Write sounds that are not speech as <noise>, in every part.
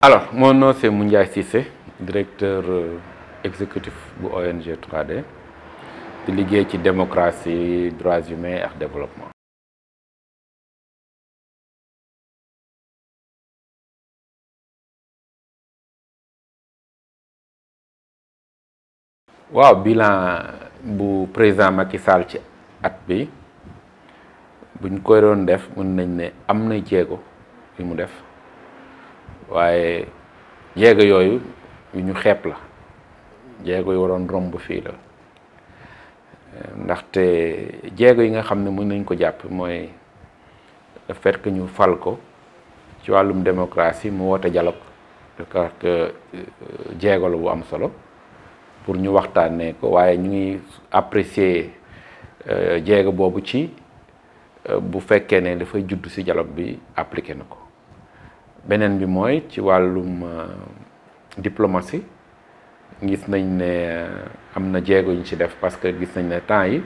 Alors, mon nom c'est Mounia Sissé, directeur euh, exécutif de ONG 3D de liggéey la démocratie droits humains le développement. waaw bilan du président Macky Sall ci at bi buñ ko doon def mën nañ né amna def. waaye jéego yooyu ñu xeep la jéego yu waroon romb fii la ndaxte jéego yi nga xam ne mën nañ ko jàpp mooy le fait ñu fal ko ci wàllum démocratie mu woote dialogue je crois que euh, la bu am solo pour ñu waxtaanee ko waaye ñu ngi apprécier euh, jéego boobu ci euh, bu fekkee ne dafay judd ci dialogue bi appliqué na ko. beneen bi mooy ci wàllum euh, diplomatie gis nañ ne euh, am na jéego ñu ci def parce que gis nañ ne temps yi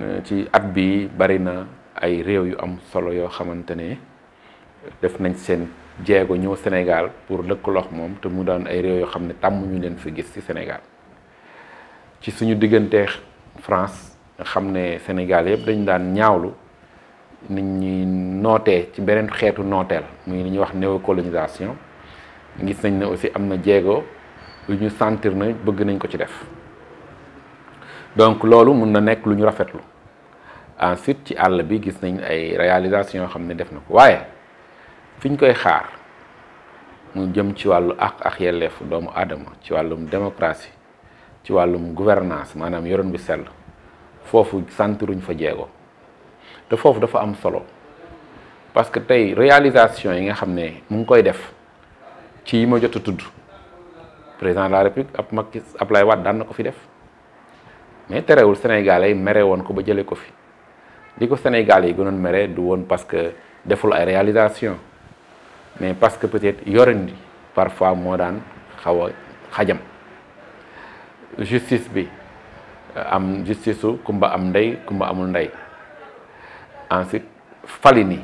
euh, ci at bi bari na ay réew yu am solo yoo xamante ne def nañ seen jéego ñëw Sénégal pour lëkkaloo moom te mu daan ay réew yoo xam ne tàmm ñu leen fi gis ci Sénégal ci suñu diggante France nga xam ne Sénégal yëpp dañ daan ñaawlu nit ñi nootee ci beneen xeetu nooteel muy li ñuy wax néocolonisation gis nañ ne aussi am na jéego lu ñu centre na bëgg nañ ko ci def donc loolu mun na nekk lu ñu rafetlu ensuite ci àll bi gis nañ ay réalisation yoo xam ne def na ko waaye fi ñu koy xaar mu jëm ci wàllu ak ak yelleefu doomu aadama ci wàllum démocratie ci wàllum gouvernance maanaam yoroon bi sell foofu santiruñ fa jéego te foofu dafa am solo parce que tey réalisation yi nga xam ne mu ngi koy def ci yi ma jot a tudd président la république ab Macky Ablaye daan na ko fi def mais terewul sénégalais yi mere woon ko ba jëlee ko fi li ko sénégalais yi gënoon mere du woon parce que deful ay réalisation mais parce que peut-être yorindi parfois moo daan xaw a xajam justice bi am justice su kumba am ndey kumba amul ndey ensuite fali ni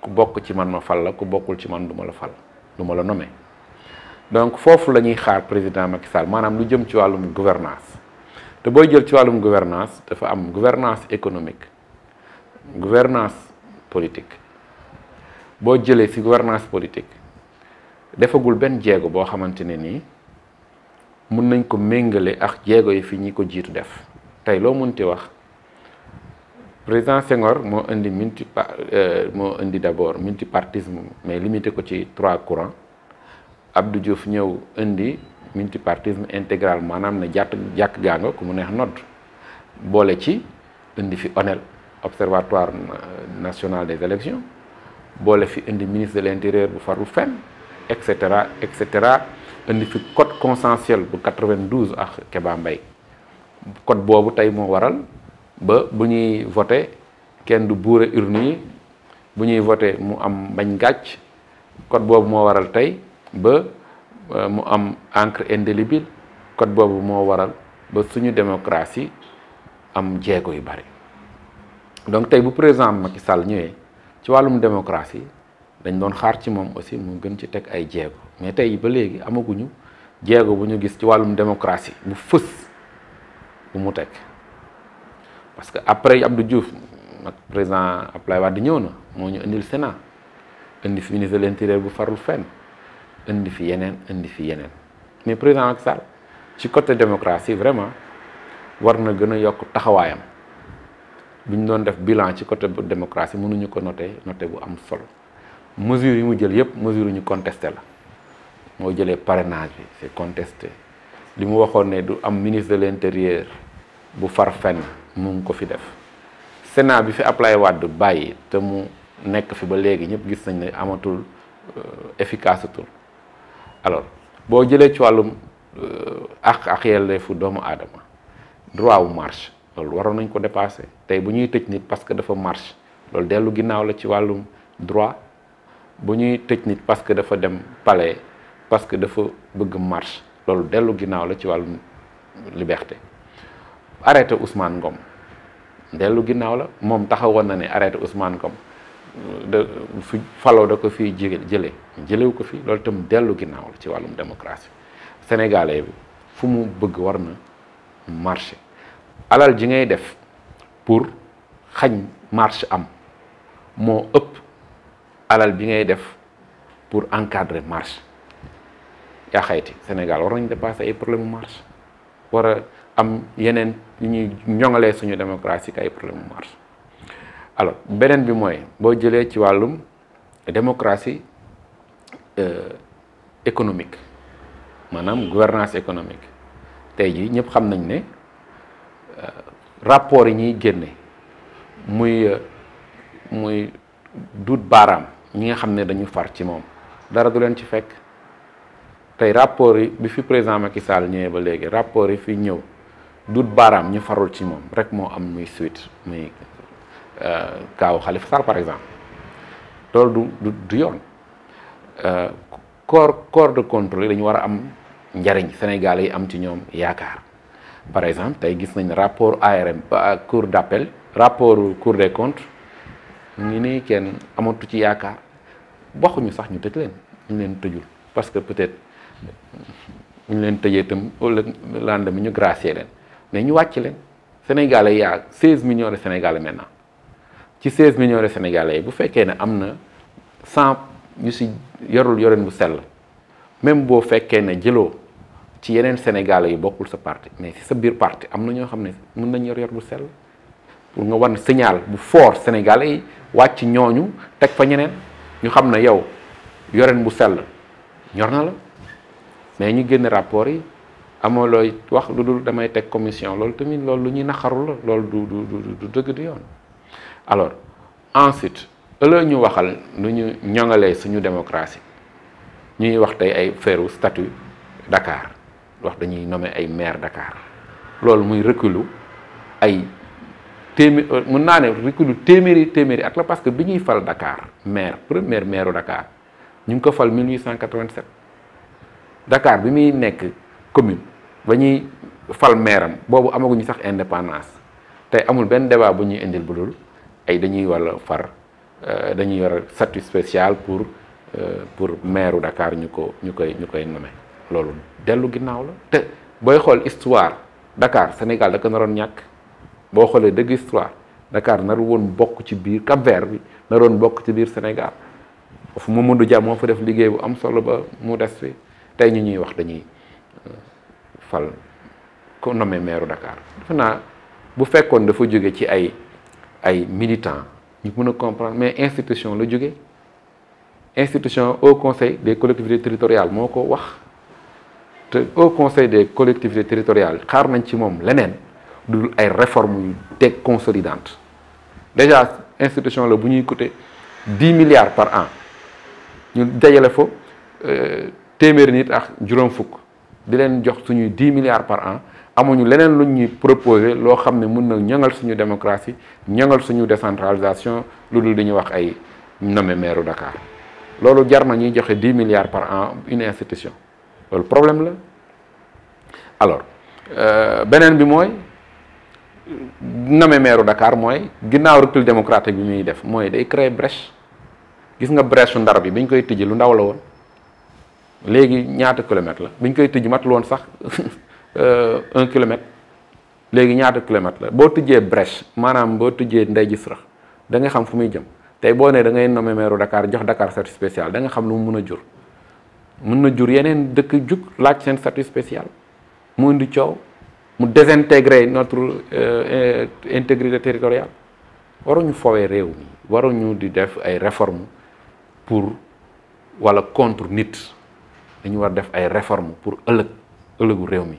ku bokk ci man ma fal la ku bokkul ci man du ma la fal du ma la nome donc foofu la ñuy xaar président Macky Sall maanaam lu jëm ci wàllum gouvernance te booy jël ci wàllum gouvernance dafa am gouvernance économique gouvernance politique boo jëlee ci gouvernance politique defagul benn jéego boo xamante ne nii mun nañ ko méngale ak jéego yi fi ñi ko jiitu def tey loo munti wax président Senghor moo indi multi euh, d'abord multipartisme mais limité ko ci trois courants Abdou Diouf ñew indi multipartisme intégral manam ne jatt jàkk gaa ku mu neex nodd bolé ci indi fi ONEL observatoire national des élections bolé fi indi ministre de l'intérieur bu farou fenn etc etc et indi fi code consensuel bu 92 ak keba Mbaye code bobu tay mo waral ba bu ñuy voté kenn du buure urne yi bu ñuy voté mu am bañ gàcc code boobu moo waral tey ba euh, mu am encre indélébile code boobu moo waral ba suñu démocratie am jéego yu bari donc tey bu président Macky Sall ñëwee ci wàllum démocratie dañ doon xaar ci moom aussi mu gën ci teg ay jéego mais tey ba léegi amaguñu jéego bu ñu gis ci wàllum démocratie bu fës bu mu teg parce que après Abdou Diouf nag président Abdoulaye di ñëw na moo ñu indil Sénat indi fi ministre de l'intérieur bu farul fenn indi fi yeneen indi fi yeneen mais président Macky Sall ci côté démocratie vraiment war na gën a yokk taxawaayam bu ñu doon def bilan ci côté démocratie mënuñu ko noté noté bu am solo mesures yi mu jël yépp mesures ñu contesté la moo jëlee parrainage bi c'est contesté li mu waxoon ne du am ministre de l'intérieur bu far fenn mu ngi ko fi def sena bi fi Ablaye Wade bàyyi te mu nekk fi ba léegi ñëpp gis nañ ne amatul euh, efficacetul alors boo jëlee ci wàllum ak euh, ak yelleefu doomu aadama droit wu marche loolu waroon nañ ko dépassé tey bu ñuy tëj nit parce que dafa marche loolu dellu ginnaaw la ci wàllum droit bu ñuy tëj nit parce que dafa dem pale parce que dafa bëgg marche loolu dellu ginnaaw la ci wàllum liberté arrêté Ousmane Ngom delu ginnaw la mom taxawon na ne arrêté Ousmane Kom de fi faloo da ko fi jele jele ko fi loolu tam delu ginnaw la ci walum démocratie sénégalais bi fu mu bëgg warna marché alal ji ngay def pour xagn marche am mo ëpp alal bi ngay def pour encadrer marche ya xeyti Sénégal war nañ dépasser ay problème marche wara am yenen yu ñuy ñoŋalee suñu démocratie kay problème mu marche alors benen bi moy bo jëlé ci walum démocratie euh, économique manam gouvernance économique tay ji ñep xam nañ né euh, rapport yi ñuy muy euh, muy dout baram ñi nga xamné dañu far ci mom dara du len ci fekk tay rapport yi bi fi président Macky Sall ba légui rapport yi fi ñëw dut baram ñu farul ci mom rek mo am muy suite muy euh kaw Khalifa Sall par exemple loolu du du yoon euh corps corps de contrôle dañu wara am ndariñ Sénégal yi am ci ñom yaakar par exemple tay gis nañ rapport ARM ba cour d'appel rapport cour des comptes ñi ni kenn amatu ci yaakar waxu ñu sax ñu tejj leen ñu leen tejjul parce que peut-être ñu leen tëjee tam au lendemain ñu gracier leen mais ñu wàcc leen sénégalais y a 16 millions de sénégalais maintenant ci 16 millions de sénégalais yi bu fekkee ne am na 100 ñu si yorul yoreen bu sell même boo fekkee ne jëloo ci yeneen sénégalais yi bokkul sa parti mais si sa biir parti am na ñoo xam ne mun nañ yor yor bu sell pour nga wan signal bu foor sénégalais yi wàcc ñooñu teg fa ñeneen ñu xam ne yow yoreen bu sell ñor na la mais ñu génn rapport yi. amoloy wax loolu dul damay teg commission loolu tamit loolu lu ñuy naxarul la loolu du du du dëgg du yoon alors ensuite ëllëg ñu waxal nu ñu ñoŋalee suñu démocratie ñuy wax tey ay feru statut Dakar wax dañuy nommer ay maire Dakar loolu muy reculu ay téeméer euh, mun naa ne reculu téeméeri téeméeri at la parce que bi ñuy fal Dakar maire premier maire Dakar ñu ngi ko fal 1887 Dakar bi muy nekk. commune ba ñuy fal meeram boobu amaguñu sax indépendance tey amul benn débat bu ñuy indil bu dul ay dañuy war a far euh, dañuy war a statut spécial pour euh, pour maire Dakar ñu ko ñu koy ñu koy nommer loolu dellu ginnaaw la te booy xool histoire Dakar Sénégal da ko naroon ñàkk boo xoolee dëgg histoire Dakar naru bokk ci biir cap bi naroon bokk ci biir Sénégal foofu Mamadou Dia moo fa def liggéey bu am solo ba mu des fi tey ñu ñuy wax dañuy fal ko nommé maire Dakar Fina, bu fekkone dafa jóge ci ay ay militants ñu mën comprendre mais institution la L'institution institution au Conseil des collectivités territoriales moko wax te au Conseil des collectivités territoriales xaar nañ ci mom lenen dul ay réformes té déjà institution la bu ñuy milliards par an ñu fo euh témer nit ak juroom fukk. di leen jox suñuy dix milliards par an amuñu leneen luñ ñuy proposé loo xam ne mun na ñëngal suñu démocratie ñëngal suñu décentralisation lu dul di wax ay nommé maire Dakar loolu jar na ñuy joxe dix milliards par an une institution loolu problème la alors euh, beneen bi mooy nommé maire Dakar mooy ginnaaw recul démocratique bi muy def mooy day créer brèche gis nga brèche su ndar bi biñ koy tijji lu ndaw la woon. léegi ñaata kilomètre la bi koy tëj matul woon sax <laughs> euh, un kilomètre léegi ñaata kilomètre la boo tëjee brèche maanaam boo tëjee ndey gis rax da nga xam fu muy jëm tey boo nee da ngay nommé maire Dakar jox Dakar statut spécial danga xam lu mu mën a jur. mun na jur yeneen dëkk jug laaj seen statut spécial mu indi coow mu désintégrer notre euh, intégrité territoriale waruñu foowee réew mi waruñu di def ay réformes pour walla contre nit. dañu war def ay réformes pour ëllëg ëllëgu réew mi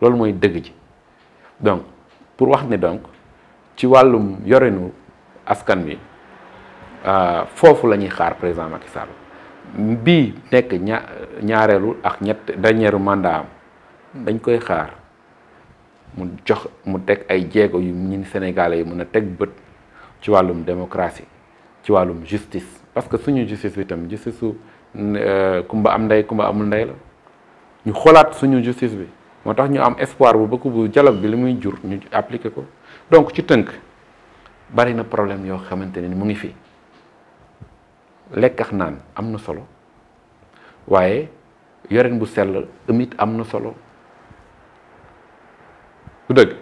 loolu mooy dëgg ji donc pour wax ni donc ci wàllum yorinu askan wi euh, foofu la ñuy xaar président Macky Sall nekk ña ñaareelu ak ñett dernier mandat am dañ koy xaar mu jox mu teg ay jéego yu ñun sénégalais yi mën a teg bët ci wàllum démocratie ci wàllum justice parce que suñu justice bi tam justice Euh, kumba am ndey kumba amul ndey la ñu xoolaat suñu justice bi moo tax ñu am espoir bu bëgg bu dialogue bi li muy jur ñu appliquer ko donc ci tënk bari na problème yoo xamante ni mu ngi fi lekk ak naan am na solo waaye yoreen bu sell amit am na solo bu dëgg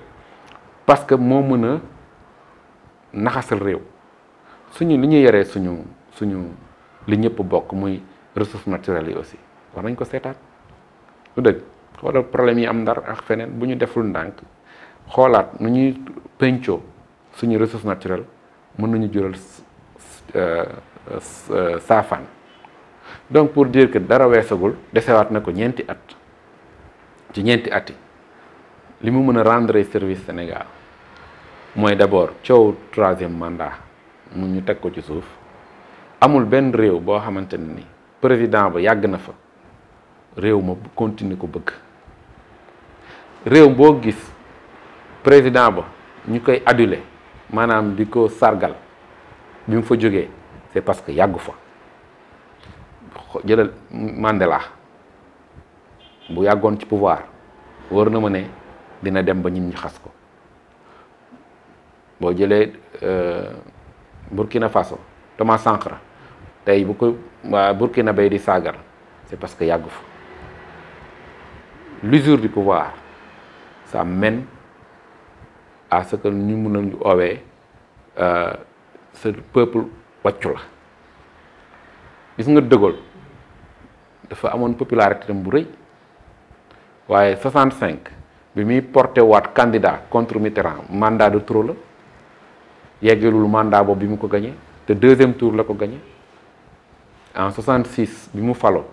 parce que moo mën a naxasal réew suñu li ñuy yoree suñu suñu li ñëpp bokk muy ressource naturali yi aussi war nañ ko seetaat lu dëgg xoolal problème yi am ndar ak feneen bu ñu deful ndànk xoolaat nu ñuy pencoo suñu ressource naturelle mën nañu jural saafaan donc pour dire que dara at ci ñeenti at yi li rendre service Sénégal mooy d' abord coow troisième mandat mu ñu ko ci amul ben réew boo xamante président ba yàgg na fa réew ma continuer ko bëgg réew boo gis président ba ñu koy aduler maanaam di ko sargal bi mu fa jógee c'est parce que yàggu fa jëlal Mandela bu yàggoon ci pouvoir war na ma ne dina dem ba ñun ñu xas ko boo jëlee euh, Burkina Faso Thomas Sankara tay bu ko Burkina bay di sagar c'est parce que yàggu fa l'usure du pouvoir ça mène à ce que ñu ñu owé euh ce peuple waccu la gis nga De Gaulle dafa une popularité bu reuy waaye 65 bi mi porté waat candidat contre Mitterrand mandat de trop la yeggalul mandat boobu bi mu ko gagné te deuxième tour la ko gagné. en 66 bi mu falo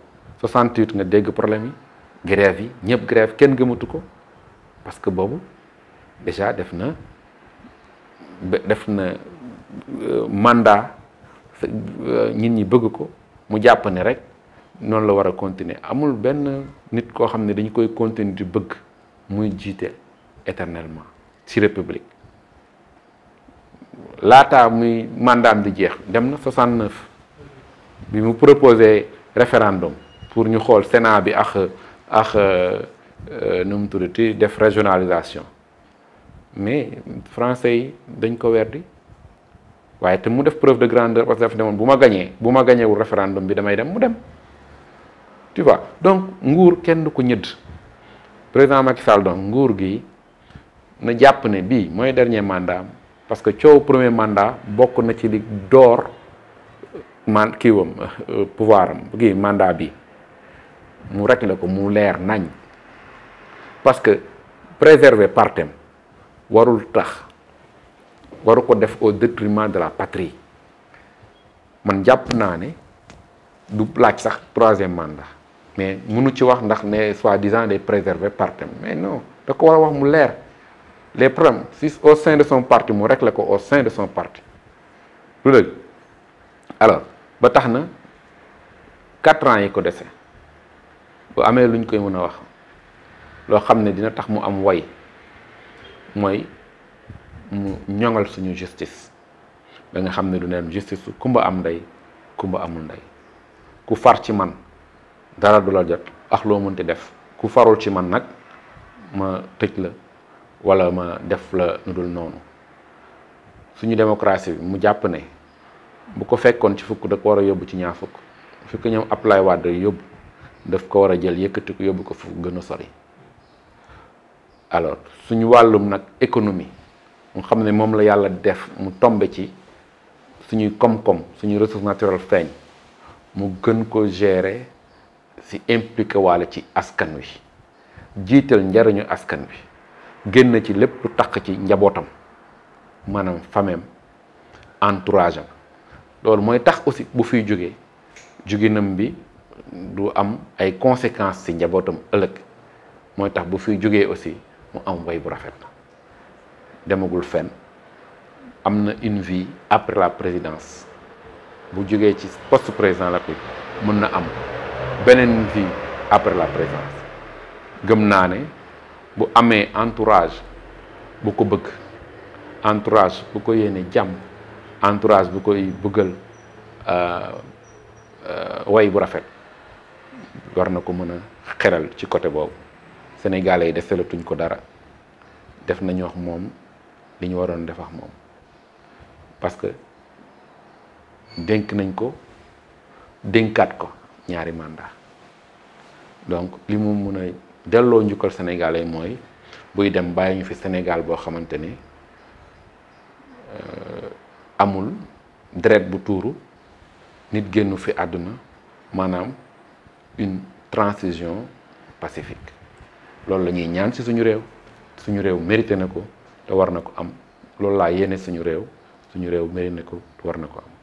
68 nga dégg problème yi grève yi ñëpp grève kenn gëmatu ko parce que boobu déjà def na def na euh, mandat euh, nit ñi bëgg ko mu jàpp ne rek noonu la war a continuer amul benn nit koo xam ne dañu koy continuer di bëgg muy jiite éternellement ci république laata muy mandaam di jeex dem na bi mu proposé référendum pour ñu xool Sénat bi ak ak euh, euh, nu mu tuddati def régionalisation mais français yi dañ ko werdi waaye te mu def preuve de grandeur parce que daf demoon bu ma gañee bu ma gañeewul référendum bi damay dem mu dem tu donc nguur kenn du ko ñëdd président Macky Sall donc nguur gi na jàpp ne bi mooy dernier mandat parce que coow premier mandat bokk na ci li door man kiiwam eh, eh, pouvoir qui mandat bi mu réglé ko mu leer nañ parce que préserver partem warul tax waru ko def au détriment de la patrie man japp naane du laaj sax troisième mandat mais mënu ci wax ndax ne soi-disant de préserver partem mais non da ko war wax mu leer les problèmes si au sein de son parti mu réglé ko au sein de son parti alors ba taxna 4 ans yi ko dese bu amé luñ koy mëna wax lo xamné dina tax mu am way moy mu ñongal suñu justice ba nga xamné du neen justice ku kumba am ku kumba amul nday ku far ci man dara du la jot ak loo mënti def ku farul ci man nak ma tejj la wala ma def la nu nonu suñu démocratie mu japp ne bu ko fekkoon ci fukk da ko war a yóbbu ci ñaar fukk fi ko ñoom Abdoulaye Wade yóbbu daf ko war a jël yëkkati ko yóbbu ko fu gën a sori alors suñu wàllum nag économie mu xam ne moom la yàlla def mu tombe ci suñuy koom-koom suñuy ressource naturelle feeñ mu gën ko gérer si impliqué waale ci askan wi jiital njariñu askan wi génn ci lépp lu taq ci njabootam maanaam fameem entourage Lors moi tax aussi bu fiy jugé faire bi du am ay conséquences Si njabootam ëllëg mooy tax bu fiy jógee aussi mu am way bu rafet une vie après la présidence bu vous président la am vie après la présidence bu entourage bu entourage bu koy bëggal euh, euh, way bu rafet war na ko mën a xeral ci côté boobu sénégalais yi desalatuñ ko dara def nañu wax moom li ñu waroon def wax moom parce que dénk nañ ko dénkaat ko ñaari mandat donc li mu mën a delloo njukkal sénégalais mooy buy dem bàyyi ñu fi Sénégal boo xamante ni euh, amul dret bu touru nit génnu fi aduna manam une transition pacifique loolu lañuy ñaan ci suñu rew suñu rew mérité nako ko te war na ko am loolu la yéene suñu rew suñu rew mérité nako ko war na ko am